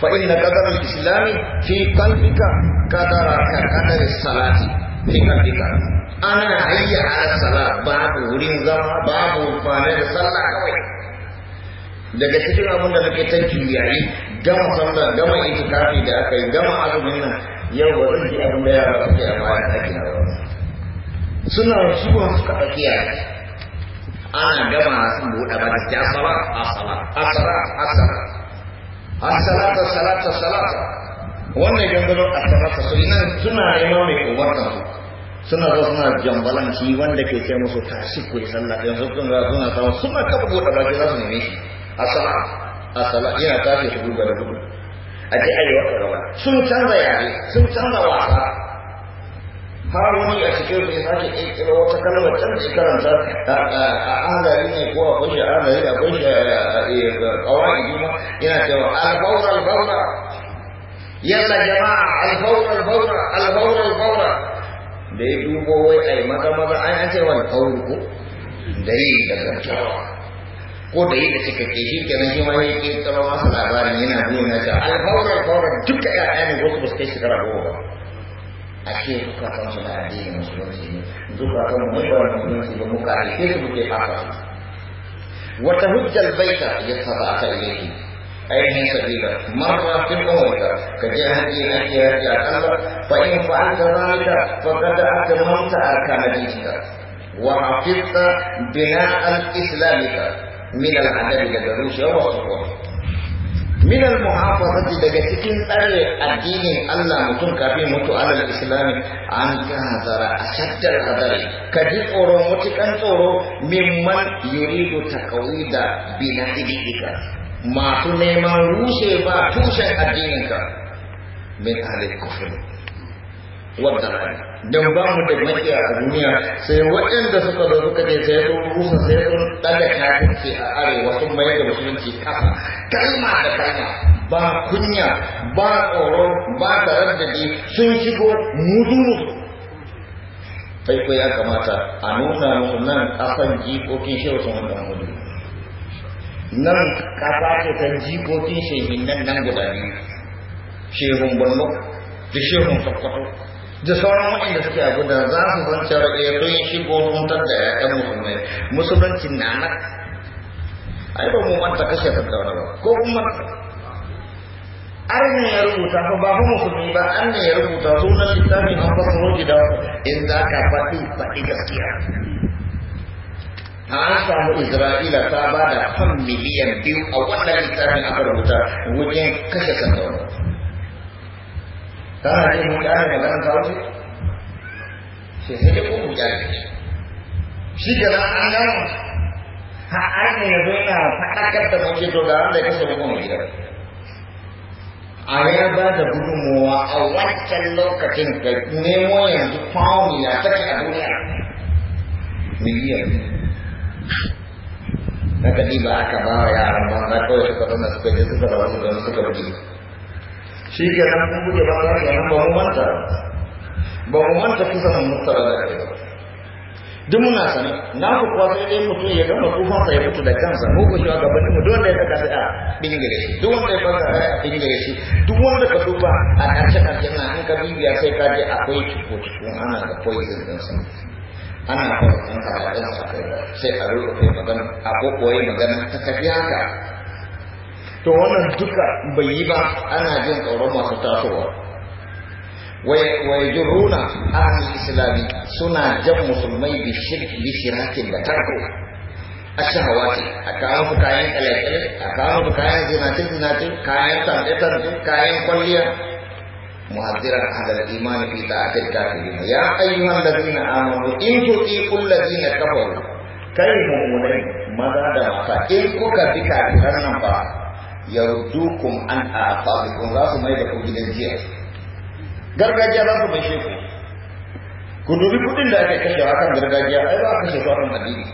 fa inna qadara al-islami fi qalbika qadara ka ƙadar salati fi mahdika ana hayya ala sala babu wurin zama babu kwana da sallah kawai daga cikin abin da muke ta kiyaye gama sallah gama itikafi da aka yi gama azumin nan yau ba zan ji abin da yara suke a bayan ɗaki na ba suna ciwon suka ɗauki ana gama sun buɗe ba da ja sala asala asala asala asalata salata salata wannan gangaron asalata su ina suna neman mai kowarta su suna zo suna jambalanci wanda ke ce musu tashi ku yi sallah ɗin sun ga suna samu suna kafa buɗe baki za su neme shi a sala a sala yana tashi ta duba da gudu a ji arewa ta rawa sun canza yare sun canza wasa har wani a cikin su sake ƙirƙiro wata kalmar can da karanta a ahalari ne ko kunshi a ahalari a kunshi a kawai juma yana cewa albaura albaura yalla jama'a albaura albaura albaura albaura da ya dubo wai a yi maza maza ai an ce wani kawai ko da yi da gaggawa ko da yi da cika ke shi kenan shi ma ya ke tsara masa labarin yana nuna na ta alfawar alfawar duka ƴaƴa ne wasu ba su kai shekara goma ba a ce kuka kan su da addini musulunci ne zuwa kan mu ba musulunci ba muka su ke haka wata hujjar baita ya saba a kan ilaihi ainihin sabila marra fil umrika ka je haji haji haji akalla fa in fa'alta dhalika faqad akmalta arkana dinika wa hafizta bina'an islamika min al-adab daga rushe wa sukuwa min al-muhafazati daga cikin tsare addinin Allah mutum kafin mutu alal islami an tahzara ashaddal hadari ka ji tsoro mutukan tsoro mimman yuridu taqwida bina'idika masu neman rushe ba tushen addininka min alif kufur wadda don ba mu da makiya a duniya sai waɗanda suka zo suka ce sai sun rusa sai sun ɗaga kafirci a arewa sun mayar da musulunci kasa kalma da kalma ba kunya ba tsoro ba taraddadi sun shigo muzuru kai ko ya kamata a nuna musulman nan kasan jikokin shi wasu wanda mudu nan kafa ce ta jikokin shehin nan nan guda biyu shehun borno da shehun sokoto da sauran waɗanda suke abu da za su zance ya eh, sun shi ko huntar da ‘ya'yan musulmai musulmancin na nan ai ba mu manta kashe tattauna ba ko kuma ne ya rubuta fa ba musulmi ba an ya rubuta sunan littafin an fasaro gida in za ka faɗi faɗi gaskiya an isra'ila ta ba da kan miliyan biyu a wannan littafin aka rubuta wajen kashe kan dauro ta hajji mun ƙara maganar ta wuce Shi sai da kuma jami'a shi ke nan an gano ha an ne yanzu yana faɗakar da mace to da wanda ya kashe kasa hukumar gidan a ya ba da gudunmuwa a wancan lokacin da nemo yanzu pound na take a duniya miliyan biyu. na ba aka ba wa yaran ba na kawai suka zama suka je suka da wani gani suka wuce shi ke nan kun guje ba za ka nan ba mu manta ba mu manta kusa mun mutara da kai duk muna sani na ku kuwa sai dai mutum ya gama tufan sa ya mutu da kansa mu ku shiga gaban mu dole ya saka sai a bingin gare shi duk wanda ya fasa a bingin gare shi duk wanda ka duba a karshe karshe na in ka bibiya sai ka je akwai cuku ana da poison din sa ana son in sahabai su kai sai a rufe magana a kokoyi magana ta tafi haka to wannan duka bai yi ba ana jin tsoron masu tasowa wai jiruna ahli islami suna jan musulmai bi shirki bi shirakin da tarko a shahawati a kawo su kayan kalekale a kawo kayan zinatin zinatin kayan tsare tarbe kayan kwalliya محذرا أهل الإيمان في طاعة الكافرين يا أيها الذين آمنوا إن تطيعوا الذين كفروا كلمة مؤمنين ماذا دعوت إن كوكا بك كرنا يردوكم عن أعقابكم لا ما يدكم جدا جيا gargajiya za su bashe ku ku dubi kudin da ake a kan gargajiya ai ba a kashe su akan addini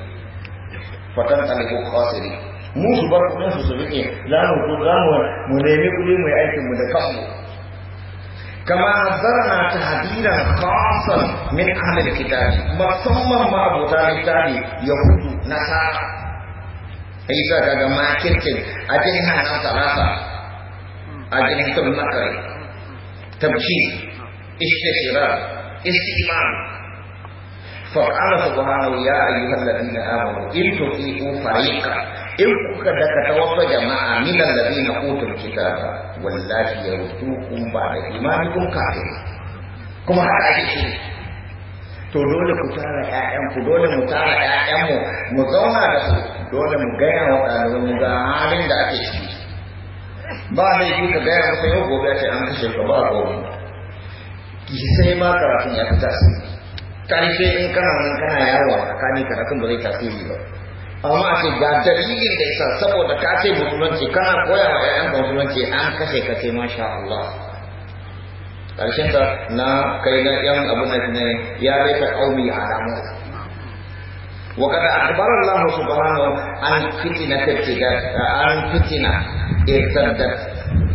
fatan talibu khasiri mu su bar kudin su su rike za mu mu nemi kudi mu aikin mu da kanmu كما حذرنا تحذيرا خاصا من أهل الكتاب مصمم ما أبو الكتاب يهود نصارى أيضا كما ما كركب أجنها ثلاثة أجنها المكر تبشير استشراء استئمان فقال سبحانه يا أيها الذين آمنوا إن تطيعوا فريقا in kuka dakata wasu jama'a da zai na utul kitaba ba da ba'da kun kafir kuma haka ake shi to dole ku tara ƴaƴan ku dole mu tara ƴaƴan mu mu zauna da su dole mu gaya wa ɗaliban mu ga halin da ake ciki ba laifi ka gaya musu yau gobe a ce an kashe ka ba gobe ki sai ma karatun ya fi tasiri karshe in kana nan kana yawo a tsakani karatun ba zai tasiri ba amma a ce ga dalilin da isa saboda ka ce musulunci kana koya wa ƴaƴan musulunci an kashe ka ce masha Allah ƙarshen ta na kai na ƴan abu na ne ya rai ka ƙaumi a damu wa kada akbar Allah subhanahu an fitina kace da an fitina irtar da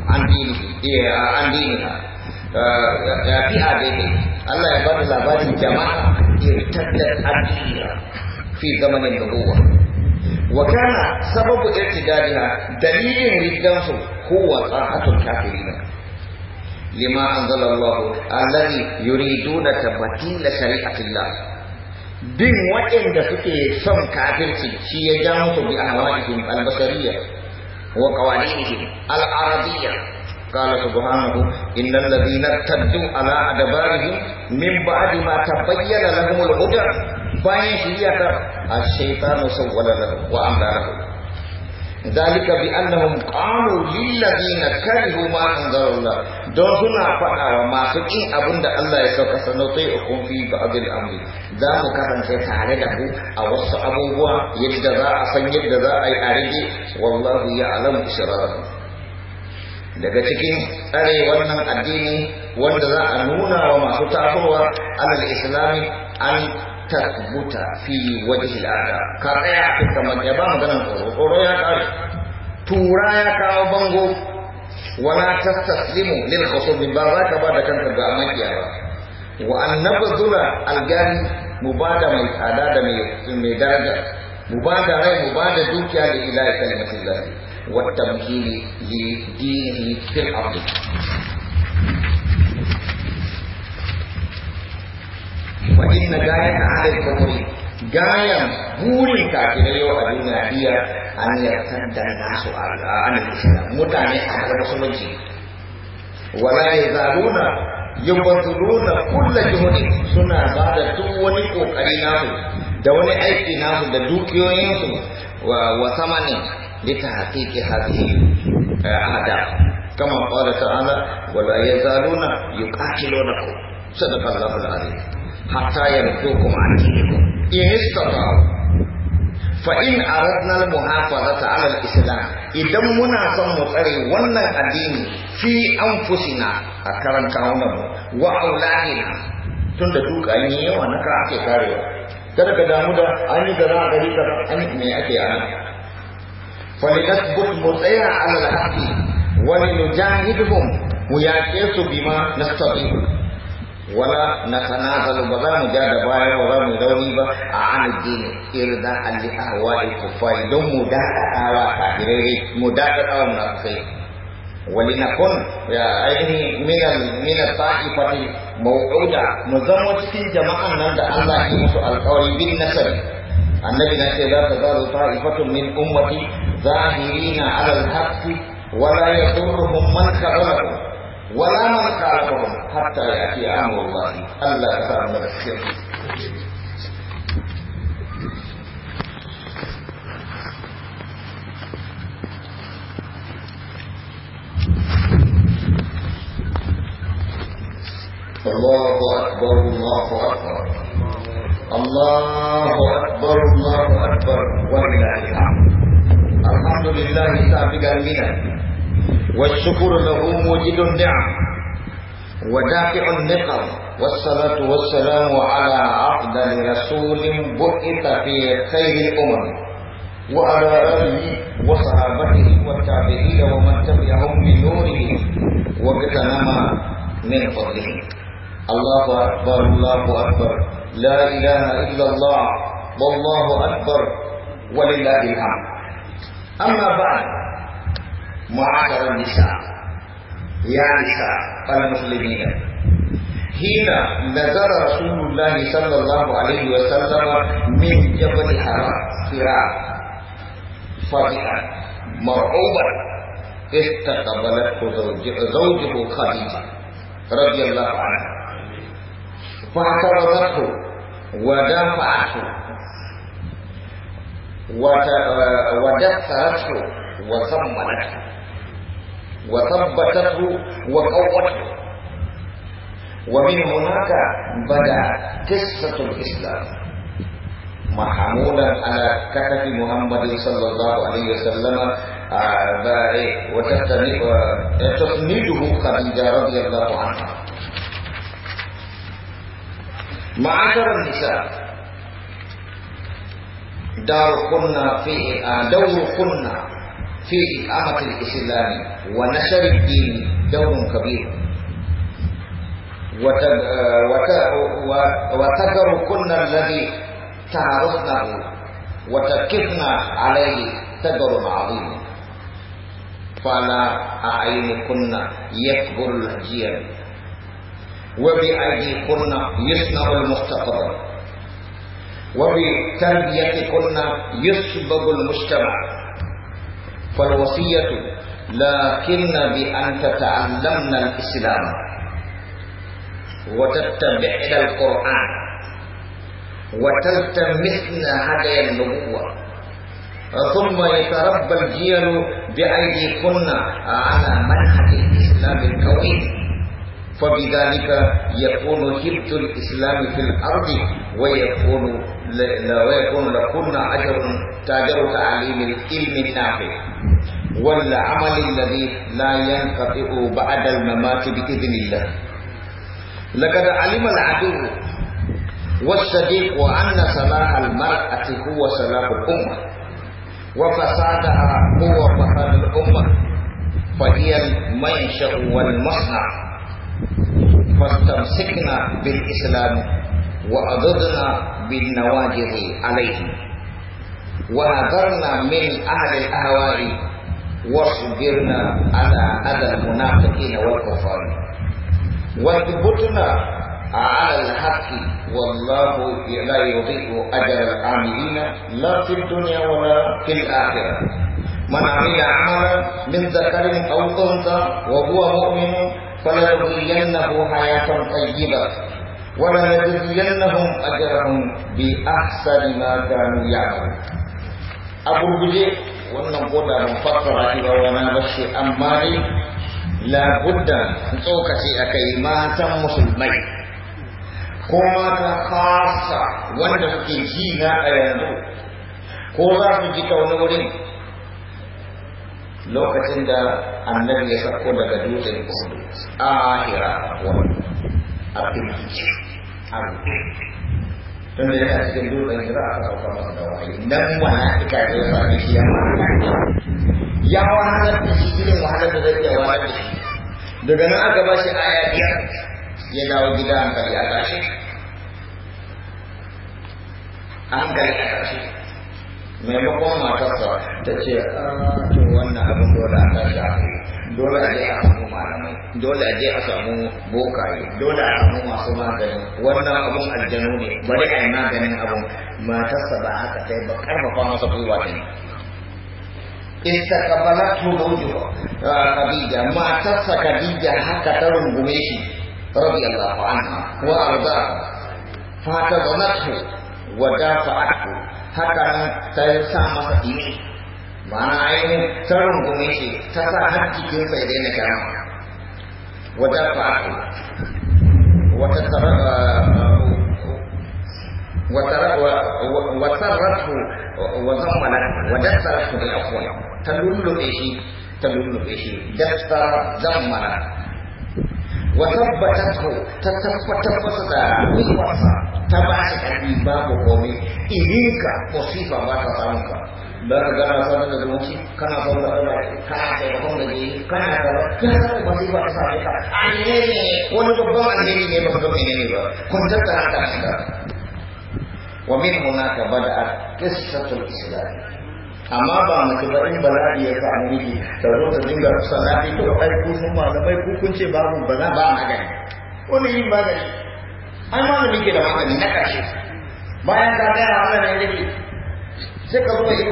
an dini eh, an dini ka ya fi adai Allah ya ba da labarin jama'a irtar da an dini fi zamanin da gowa wa kana sababu irtidadina dalilin riddansu huwa ta'atul kafirin lima anzalallahu allazi yuriduna la shari'atillah bin waɗanda suke son kafirci shi ya ja musu bi ahwa'ihim al-basariyya wa qawanihim al-arabiyya قال سبحانه إن الذين ارتدوا على أدبارهم من بعد ما تبين لهم الهدى bayan shirya ta a shaitanu sawwala lahu wa amla lahu ذلك بأنهم قالوا للذين كرهوا ما أنزل الله don suna faɗawa wa masu ƙin abin da Allah ya sauka sai a fi ba al-amri za mu kasance tare da ku a wasu abubuwa yadda za a san yadda za a yi a rage ya alamu israrahum daga cikin tsare wannan addini wanda za a nuna wa masu tasowa alal islami an tarbuta fi wajhil a'la karaya tsaya kuka magana ba maganan tsoro ya kare tura ya kawo bango wala tastaslimu lil khusub ba za ka ba da kanka ga makiya ba wa annabzula algani mubada mai tsada da mai daraja mubada rai mubada dukiya da ilahi kalimatillah wa tamhili li dinihi fil ardi fa inna gayata ahli al-kufri gayan burin da yau a duniya iya an na nasu an al-islam mutane a ga musulunci wala yazaluna yubtiluna kullu juhudi suna ba da duk wani kokari su da wani aiki nasu da dukiyoyinsu wa samanin لتحقيق هذه الأهداف كما قال تعالى ولا يزالون يقاتلونكم صدق da العظيم hatta yarkukum an dinikum in istata'u fa in aradna al muhafazata ala al islam idan muna son mu tsare wannan addini fi anfusina a karan kawunan wa auladina tun da duka an yi yawa na ka ake karewa kada ka damu da an yi kaza a gari kaza an me ake ana fa li tasbut mutaya ala al haqi wa li nujahidhum mu yaqisu su bima nastati'u wala na tanazalu ba za mu ja da baya ba za mu rauni ba a ana dini irda alli ahwali kufari don mu daɗaɗawa kafirai mu daɗaɗawa munafikai wali na kun ya aini minal minal ta'ifati maw'uda mu zama cikin jama'an nan da Allah ya musu alƙawari bin nasari annabi na ce za ta zaru ta'ifatun min ummati zahirina ala al-haqqi wala yadurruhum man khalaqahum ولا من خالفهم حتى يأتي أمر الله ألا أثار الشرك الله أكبر الله أكبر الله أكبر الله أكبر ولله الحمد الحمد لله سابقا لنا والشكر له موجد النعم ودافع النقم والصلاة والسلام على أفضل رسول بعث في خير الأمم وعلى آله وصحابته والتابعين ومن تبعهم بنوره وبتنمى من فضله الله أكبر الله أكبر لا إله إلا الله والله أكبر ولله الحمد أما بعد معاشر النساء يا نساء قال المسلمين حين نزل رسول الله صلى الله عليه وسلم من جبل حراء سراء فرحا مرعوبا استقبلته زوجه خديجه رضي الله عنها فاعترضته ودافعته ودفعته وصمته وثبته وقوته ومن هناك بدا قصه الاسلام محمولا على كتف محمد صلى الله عليه وسلم آه، وتسنده آه، خديجه رضي الله عنها معاشر النساء دار كنا فيه آه، دور كنا في إقامة الإسلام ونشر الدين دور كبير وتذكر كنا الذي تعرضنه وتكفنا عليه تدر عظيم فعلى أعينكن يكبر الأجيال وبأيديكن يصنع المستقبل كنا يسبب المجتمع فالوصية لكن بأن تتعلمن الإسلام وتتبعن القرآن وتلتمسن هدي النبوة ثم يتربى الجيل بأيديكن على منهج الإسلام الكوني فبذلك يكون هبت الإسلام في الأرض ويكون ويكون لكن أجر تاجر تعليم الإلم النافع والعمل الذي لا ينقطع بعد الممات بإذن الله لقد علم العدو والصديق أن صلاح المرأة هو صلاح الأمة وفسادها هو فساد الأمة فهي المنشأ والمصنع فاستمسكنا بالإسلام وأضدنا بالنواجذ عليه ونذرنا من أهل الأهواء واصبرنا على أذى المنافقين والكفار واثبتنا على الحق والله لا يضيع أجر العاملين لا في الدنيا ولا في الآخرة من عمل عملا من ذكر أو أنثى وهو مؤمن فلنحيينه حياة طيبة ولنجزينهم أجرهم بأحسن ما كانوا يعملون أبو البجيء wannan koda da ban fassara wani ba shi amma dai labudda tsokaci akai matan musulmai ko mata kasa wanda suke ji na a yanzu ko za su ji kauna wurin lokacin da annabi ya sako daga dutsen kudu ahira wani a firgice a dengan da yana cikin dutsen shi za a sauka masa da wahayi nan munafikai maimakon matarsa ta ce ah, to wannan abin dole a tashi a dole a je a samu malamai dole a je a samu bokaye dole a samu masu magani wannan abin aljanu ne bari a yi maganin abin matarsa ba haka ta yi ba karfafa masa gwiwa ta ne istaqbalatu zawjuha ah, Khadija matarsa Khadija haka ta rungume shi radiyallahu anha wa arda fa ta zanatu wadafa'atu haka nan ta sa masa dini ma'ana ainihin ta rungume shi ta sa har jikin sai daina kiran wadafa'atu wata tara وسرته ta ودسترته بالعفو تلل به تلل به دستر وثبتته تثبت نسوسا تبع ko باب قومي إليك مصيبة ما تسامك dan negara sana da zumunci kana son da ɗaura kana taimakon da ke kana da kana da masifa ta sami ka ne wani babban alheri ne ba ka ga menene ba kwantar da haka shiga wa min hunaka qissatul amma ba mace ba in bala'i ya sa miki ta zo ta dinga sana'a salati to ai ku mun malamai ku kun ce babu bala ba magani wani yin magani ai ma malami ke da magani na ƙarshe bayan ka ga Allah ne yake sai ka zo yi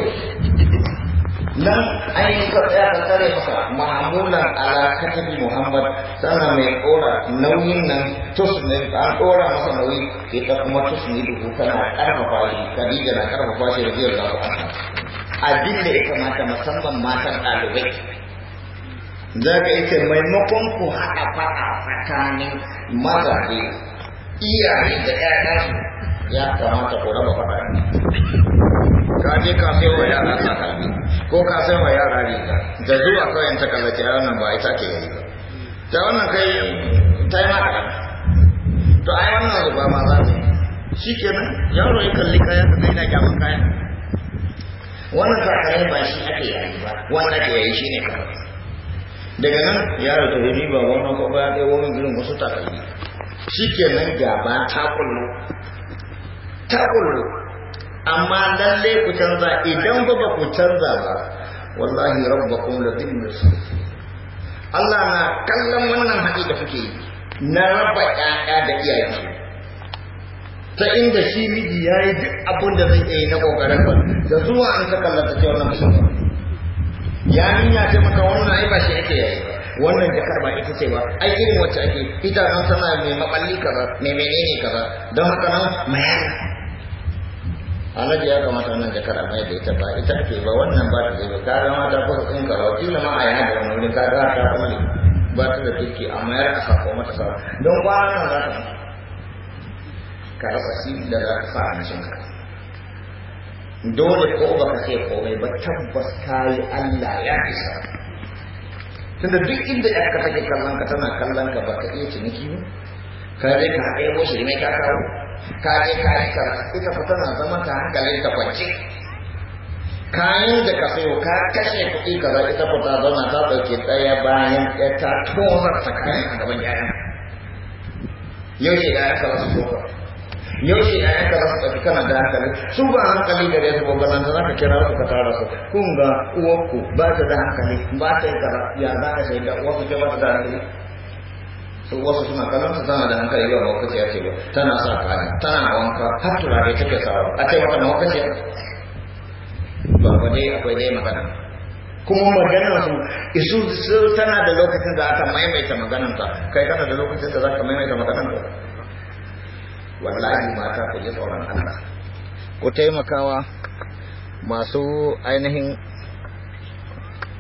nan an yi ka tsaya ka tsare masa ma'amulan ala katabi muhammad sannan mai kora nauyin nan tusne an kora masa nauyi ita kuma tusne duhu tana karfafa shi kadija na karfafa shi da radiyallahu anha abin da ya kamata musamman matan ɗalibai za ka yi ce maimakon ku haɗa faɗa tsakanin mazaje iyaye da ƴaƴansu ya kamata ku raba faɗa ka je ka sai wa yara takalmi ko ka sai wa yara riga da zuwa kawai ta kaza ta nan ba ita ke yi ba ta wannan kai ta yi maka to ai wannan ba ma za ta yi shi kenan yaro ya kalli kayan da zai na gyaman kayan. wannan tsakanin ba shi ake yayi ba wanda ke yayi shi ne kawai daga nan ya ta yi ba wannan ko ba ɗaya wani girin wasu takalmi shi ke nan gaba ta kullu ta amma lalle ku canza idan ba ba ku canza ba wallahi rabbakum la bil Allah na kallon wannan haɗi da kuke yi na raba ƴaƴa da iyayensu ta inda shi miji ya yi duk abin da zai iya yi na kokarin ba da zuwa an saka lafa ce wannan musamman ya ninya ce maka wannan ai ba shi ake yayi wannan jakar ba ita ce ba ai irin wacce ake ita an sana mai maballi kaza mai menene kaza don haka nan mayar annabi ya kamata wannan jakar a mai da ita ba ita ake ba wannan ba ta zai ba kaga ma ta kusa tsinka ba kila ma a yana da wani wurin kaga ta kuma ba ta da kirki a mayar a sako mata sa don kwanan za ta ka rasa sirri da za ka sa hancinka dole ko ba ka sai komai ba tabbas kayi Allah ya isa tunda duk inda ya ka take kallon ka tana kallon ka ka iya ciniki ba ka je ka haɗe mu mai ka kawo ka je ka yi ka ita fa tana zama ta hankalin ta kwance kayan da ka sayo ka kashe kuɗi ka za ita fa ta zauna ta ɗauke ɗaya bayan ɗaya ta tona ta kayan a gaban yayan yau ne ya ka kala su zo yaushe ya za su tafi kana da hankali su ba hankali gare su ba nan za ka kira su ka tara su kun ga uwarku ba ta da hankali ba ta yi kara ya za ka shaida uwarku ke ba ta da hankali su wasu suna kallon su tana da hankali ba mawakaci ya ce ba tana sa kaya tana wanka har turare take sawa a ce mata mawakaci ba ba dai akwai dai magana kuma maganar su isu su tana da lokacin da aka maimaita maganar ta kai kana da lokacin da za ka maimaita maganar ta wallahi mata ku ji tsoron Allah ku taimakawa masu ainihin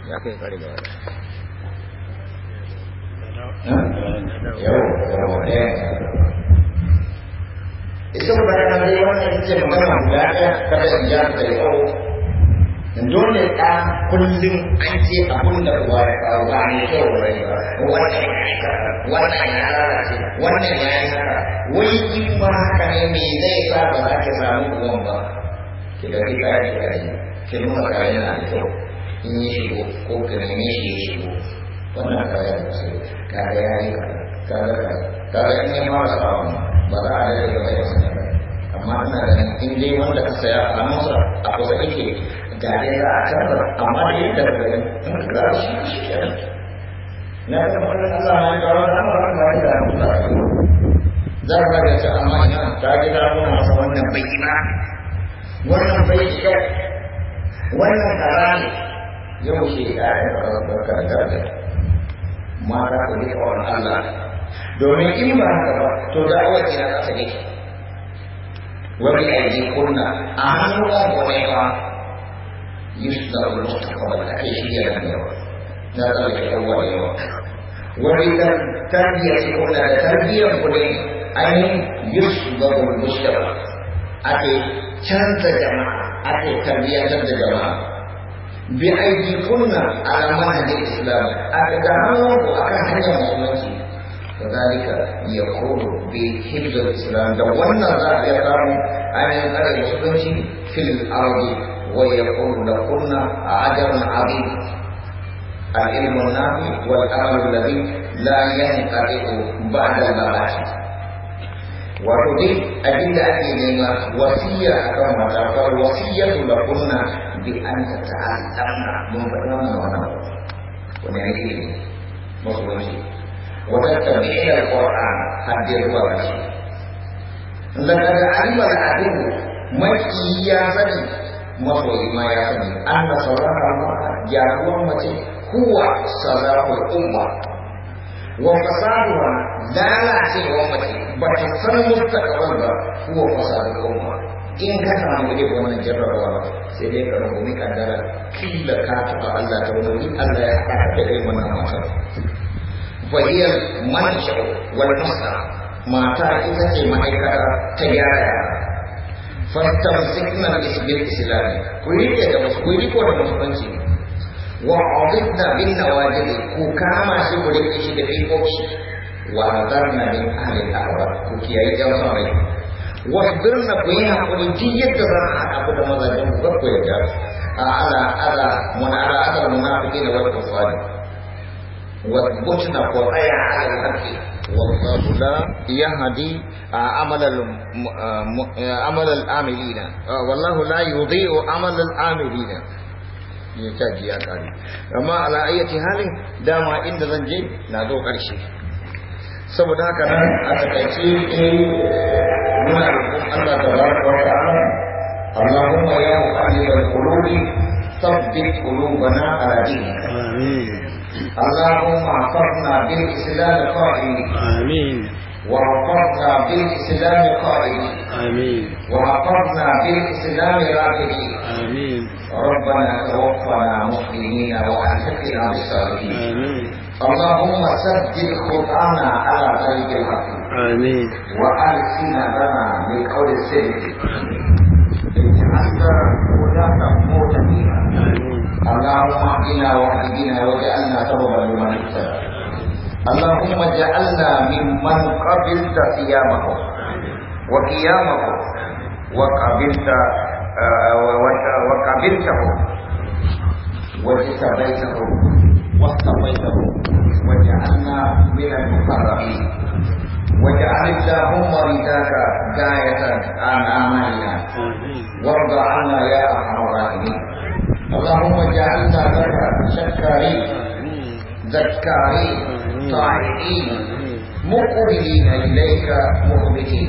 ya kai kare da wata dole ɗa kullum an ce abun da uwa ya kawo ba mai kyau ba ne ba wannan ya yi wannan ya lalace wannan ya wai in ba haka ne me zai sa ba za ka samu uwan ba ki ga kika ya kika ki nuna kaya yana da kyau in yi shigo ko ka nemi shi ya shigo wannan kaya da ce kaga ya yi in yi ma ba ba za a ya ba ya amma ina ganin in dai wanda ka saya a hannunsa a kusa kake ga dai za a canza amma da yadda ba gani za a shi shi kenan na ga wannan Allah ya kawo da Allah ba ya da mu za ka ga ta amma ina ta ga da mu masa wannan bai ba wannan bai shi wannan karami yau shi ya yi barka da da mara ku ne wa Allah domin in ba haka ba to da Allah ya ta ne wa bi aiki kunna a hannu da gonewa يصدر المعتقد أي شيء من يوم لا ذلك أول يوم وإذا التربية هنا تربية هنا أي يصدر المشترك أتي شرط جماعة أتي تربية شرط جماعة بأيديكن على منهج الإسلام أتدعوه أكهن المؤمنين كذلك يقول بحفظ الإسلام دورنا ذات يقام أن يقرأ المسلمين في الأرض ويكون لكن أجر عظيم العلم النافع والعمل الذي لا ينقطع بعد الممات wato dai abinda ake nema wasiya akan matakar wasiyatu da kunna bi an ta ta'azzama mun faɗi wannan wannan wani ne ne musulunci wata tabi'in alquran hadde zuwa kashi dan kaga alima da abin maki ya sani mafi ma ya sani an da saurara ma gyaruwar mace kuwa sazarar umma wa fasaduwa wa mace ba ta san mustaqbal ba kuwa fasadar umma in ka samu irin wannan jarrabawa sai dai ka rungumi kaddara kila ka ba Allah ta wani Allah ya haɗa da kai wannan matar fahiyar manshau wal masa mata ita ce ma'aikata ta yara fatar sikna lisbir islami kuyike da musu kuyi ko da musulunci wa abidna bin nawajid ku kama shi mu rike shi da kibosh wa azarna min ahli al-ahwa ku kiyaye da musulunci wa azarna ku yi hakuri ji yadda za a haɗa ku da mazajen ku ku yadda a ala ala muna ala ala muna fi da wani kusali wa bucina ko tsaya a yi hakki والله لا يهدي عمل عمل العاملين والله لا يضيع عمل العاملين يتاجي يا قاري amma ala ayyati halin dama inda zan je na zo ƙarshe saboda haka nan a takaice eh muna da Allah tabaraka wa ta'ala Allahumma ya muqallibal qulubi ثبت قلوبنا على دينك اللهم احفظنا بالاسلام قائمين امين وحفظنا بالاسلام قائمين امين وحفظنا بالاسلام راكبين امين ربنا توفنا مسلمين والحقنا بالصالحين اللهم سدد خطانا على طريق الحق امين وألسنا لنا بقول الصدق اجعلنا ولاة موت اللهم اهدنا واهد واجعلنا سببا لمن اهتدى اللهم اجعلنا ممن قبلت صيامه وقيامه وقبلت آه، وقبلته واجتبيته واصطفيته وجعلنا من المقربين واجعل اللهم رداك غاية عن أعمالنا وارض عنا يا أرحم الراحمين اللهم اجعلنا لك شكارين ذكارين طائعين مقبلين اليك مخبتين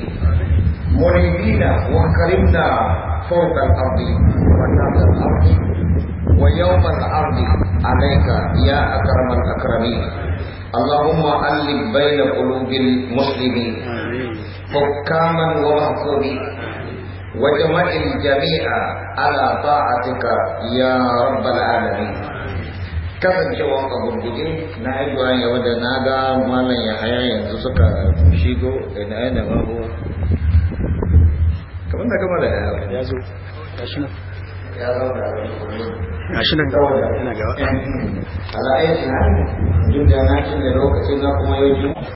منيبين واكرمنا فوق الارض وتحت الارض ويوم الارض عليك يا اكرم الاكرمين اللهم الف بين قلوب المسلمين حكاما ومحكومين واجمع الجميع على طاعتك يا رب العالمين kasan cewa a gurguje na haihuwa ya wadda na ga malam ya haya yanzu suka shigo da na yana babu kamar da kamar da ya zo ya shi nan ya zo da ya shi nan gawa da ina gawa ala aiki na duk da na cin da lokacin na kuma yau